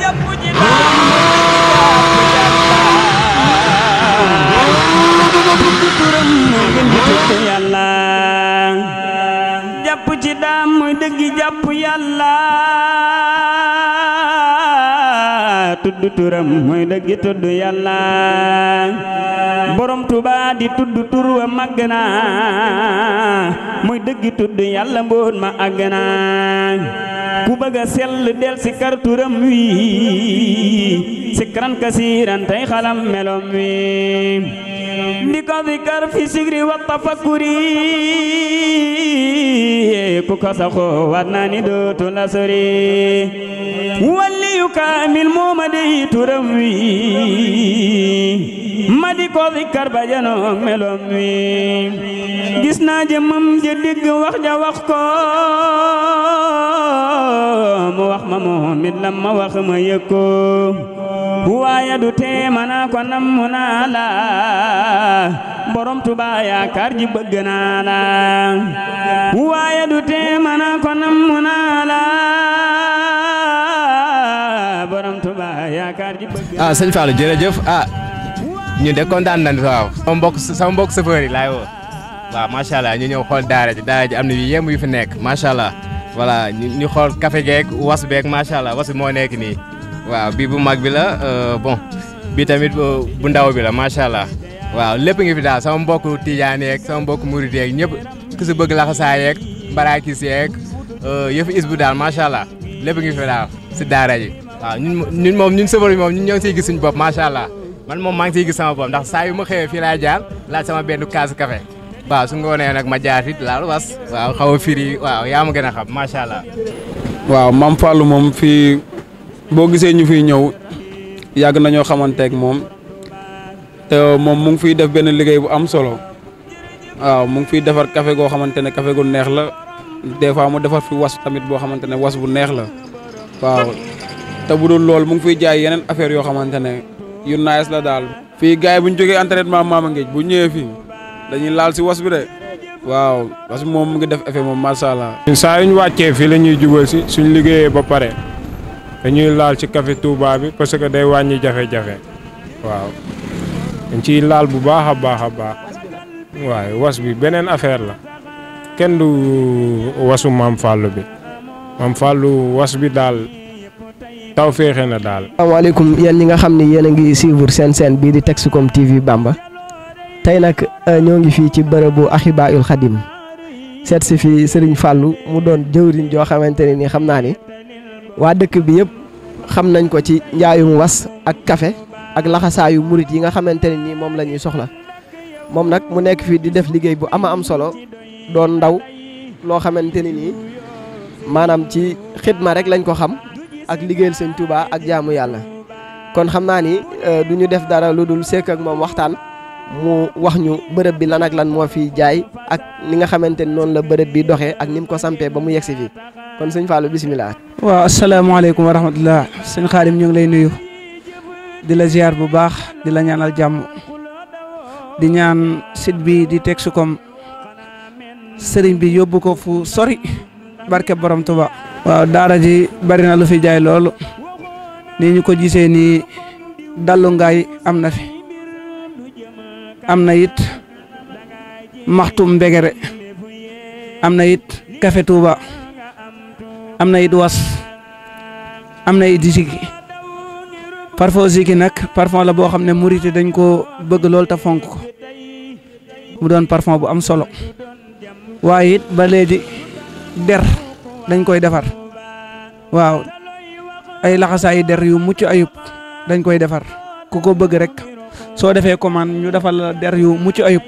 panjang puji Jap puji dam degi jap yalla tuddu turam moy degi tuddu yalla borom tuba di tuddu turu magna moy degi tuddu yalla mbon ma agna ku bëgg a sell del si kar turam wi si kasiiran tey xalam melom wi di ko fi sigri wa tafakkuri ku ko saxoo war dootu la sori walliyu kaamil mooma dey turam wi madi ko zikkar ba jano melom mi gisna je mam je dégg wax ja wax ko mu wax ma momit lam ma wax ma yeko waya du te mana ko nam na la borom ya kar ji beug na la waya du te mana ko nam na la borom Tuubaa yaakaar ji Ah ah la ah sëñ ah ñu de contane nañ waaw sama mbokk sama mbokk chauffeur yi laay wo waaw macha allah ñu ñëw xool daara ji daara ji am na yu yem yu fi nekk macha allah voilà ñu xool café geeg was beeg macha allah was moo nekk nii waaw bii bu mag bi la euh, bon bi tamit euh, bu ndaw bi la macha allah waaw lépp ngi fi daal sama mbokk tijaan yeeg sama mbokk mouride yeeg ñëpp ku si bëgg laxasaa yeeg barakis yeeg euh, yëfu is bu daal macha allah lépp ngi fi daal si daara ji waaw ñun ñun moom ñun sëfër yi moom ñun ñoo ngi siy gis suñu bopp macha allah man mom mang ci gis sama bop ndax sa yu ma xewé fi laa jaar la sama benn case café Ba, su ngone nak ma jaar fit la was waaw xaw firi waaw ya ma gëna xam ma sha allah. waaw mam fallu mom fi bo gisé ñu fiy ñëw yàgg xamanté ak mom te mom mu ngi fi def benn liggéey bu am solo waaw mu ngi fi défar café go café gu neex la des fois mu défar fi was tamit bo kaman tenek was bu neex la waaw té bu dul lool mu ngi fi jaay yenen affaire yo yu nice la daal. fii gars bu ñu jógee entraînement maam Ngéej bu ñëwee fii dañuy laal si was bi de waaw parce que moom mu ngi def effet moom macha allah. ñun saa yu ñu wàccee fii la ñuy jubal si suñ liggéeyee ba pare dañuy laal ci café Touba bi parce que day wàññi jafe-jafe waaw dañ laal bu baax a baax a baax waaye was bi beneen affaire la kenn du wasu maam Fallou bi maam Fallou was bi daal. taw féexee na daal. alaykum yeen ñi nga xamni ni nga suivre sen sen bi di Texcom TV Bamba tay nak euh, ñoo ngi fi ci bërebu akhibaul Khadim set si fi Serigne fallu mu doon jeewriñ jo xamanteni ni xamna ni wa dekk bi yeb xam nañ ko ci was ak kafe ak laxasaayu murit yi nga xamanteni ni mom lañuy soxla mom nak mu nekk fi di def liggey bu ama am solo doon ndaw lo xamanteni ni manam ci xidma rek lañ ko xam. ak liggéeyal sëñ Touba ak jaamu yàlla kon xam naa ni euh, du ñu def dara lu dul sekk ak moom waxtaan mu wax ñu bërëb bi lan ak lan moo fi jaay ak ni nga xamante ni noonu la bërëb bi doxee ak ni ko sampee ba mu yegsi fii kon sëñ Fallou bisimilah. waaw asalaamaaleykum wa rahmatulah sëñ Xaadim ñu ngi lay nuyu di la ziar bu baax di la ñaanal jàmm di ñaan site bi di kom sëriñ bi yóbbu ko fu sori. barke borom Tuba. waaw daara ji bari na lu fi jaay loolu ni ñu ko gisee nii dallu ngaay am na fi am na it maxtum mbegere am na it kafe Touba am na it was am na it ziki parfum ziki nag parfum la boo xam ne murite dañ ko bëgg lool te fonk mu doon parfum bu am solo waaye it ba léegi der dañ koy defar waaw ay laxasaayu der yu mucc ayub dañ koy defar ku ko bëgg rek soo defee commande ñu defal la der yu mucc ayub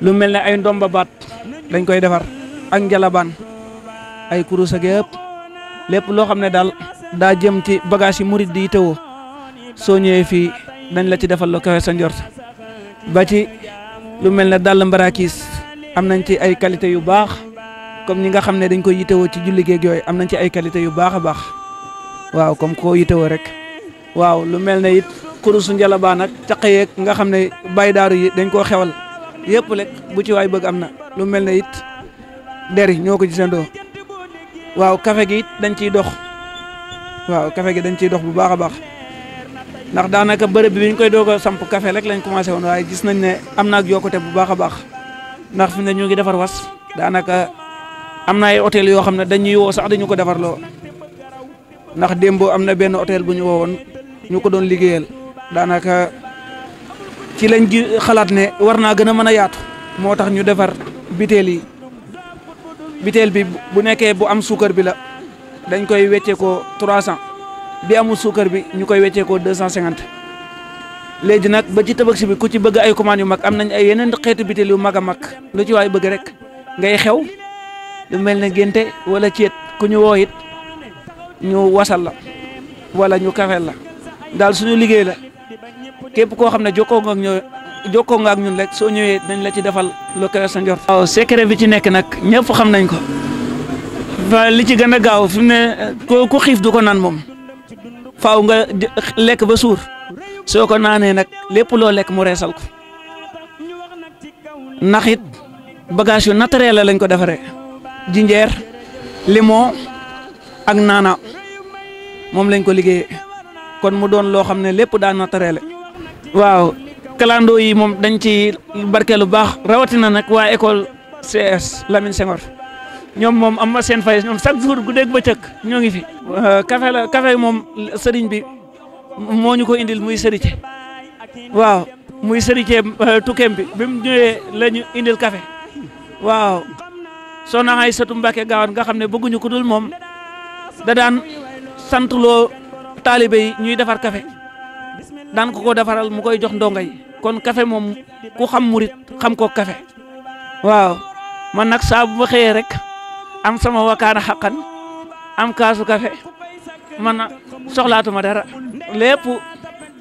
lu mel ne ay ndomba baat dañ koy defar ak njalabaan ay kurus sa yëpp lépp loo xam ne daal jëm ci bagage yi murid di teewoo soo ñëwee fii dañ la ci defal la kawe sa njort ba ci lu mel ne dàll am nañ ci ay qualité yu baax comme ñi nga xam ko dañ koy yitewoo ci julli geeg yoy am nañ ci ay qualité yu baaxa a baax waaw comme koo yitewoo rek waaw lu mel it kurusu njalabaa nak taxay ak nga xam bay daaru yi dañ ko xewal yépp lek bu ci way bëgg am na lu melne ne it deri ñoko ci sendo waaw café gi dañ ci dox waaw café gi dañ ci dox bu baaxa baax ndax daanaka bëre bi biñ koy dogo samp café rek lañ commencé won gis nañ ne amna ak yokote bu baaxa a baax ndax fi ne ñu ngi defar was daanaka am na ay hôtel yoo xam ne dañuy woo sax dañu ko defar loo ndax démboo am na benn hôtel bu ñu woowoon ñu ko doon liggéeyal daanaka ci lañ gi xalaat ne war naa gën a mën a yaatu moo tax ñu defar biteel yi biteel bi bu nekkee bu am suukar bi la dañ koy weccee ko trois cent bi amul suukar bi ñu koy weccee ko deux cent cinquante léegi nag ba ci tabax bi ku ci bëgg ay commande yu mag am nañ ay yeneen xeetu biteel yu mag a mag lu ci waay bëgg rek ngay xew lu mel ne génte wala ceet ku ñu woo it ñu wasal la wala ñu kafel la daal suñu liggéey la képp koo xam ne jokkoo nga ak ñoom ak ñun rek soo ñëwee dañ la ci defal lu kawe sa njort. waaw secret bi ci nekk nag ñëpp xam nañ ko li ci gën a gaaw fi mu ne ku xiif du ko naan moom faaw nga lekk ba suur soo ko naanee nag lépp loo lekk mu reesal ko ndax it bagage yu naturel la lañ ko defaree. jinjeer limo ak naana moom lañ ko liggéeyee kon mu doon loo xam ne lépp daa naturel waaw kalandoo yi moom dañ ci barke lu baax rawatina nag waa école CS Lamine Senghor ñoom moom am ma seen fay ñoom chaque jour guddeeg bëccëg ñoo ngi fi. Euh, café la café moom sëriñ bi moo ñu ko indil muy sëriñ waaw muy sëriñ euh, tukkeem bi bi ñëwee la indil café waaw. soxna satu Mbàkke Gaawaan nga xam ne bëgguñu ku dul moom da daan sant loo taalibe yi ñuy defar kafe daan ko ko defaral mu koy jox ndongo yi kon kafe moom ku xam murit xam ko kafe waaw man nag saa bu ma rek am sama wakaana xaqan am kaasu kafe man soxlaatuma dara lépp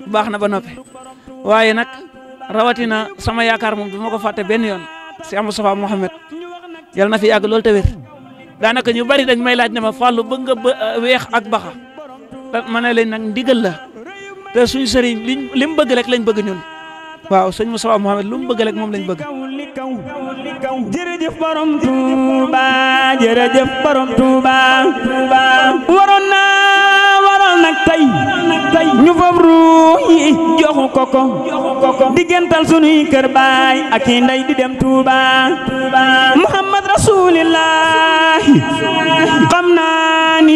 baax na ba noppi waaye nag rawatina sama yaakaar moom du ma ko fàtte benn yoon si Moustapha Mohamed yal na fi yàgg loolu te wér daanaka ñu bari dañ may laaj ne ma fàllu bëgg nga euh, weex ak baxa ma ne leen nag ndigal la te suñu sëriñ liñ li mu bëgg rek lañ bëgg ñun waaw sëñ Moussa Mouhamed lu mu bëgg rek moom lañu bëgg. jërëjëf borom Touba jërëjëf borom Touba waroon na waroon nag tey ñu fab ruux yi joxu koko diggantal sunuy kër baay ak i ndey di dem Touba. rasuulillaahi xam naa ni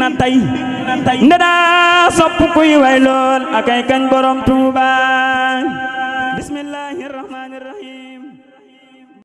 na tey nde daa sopp kuy way lool akay kañ borom Tuuba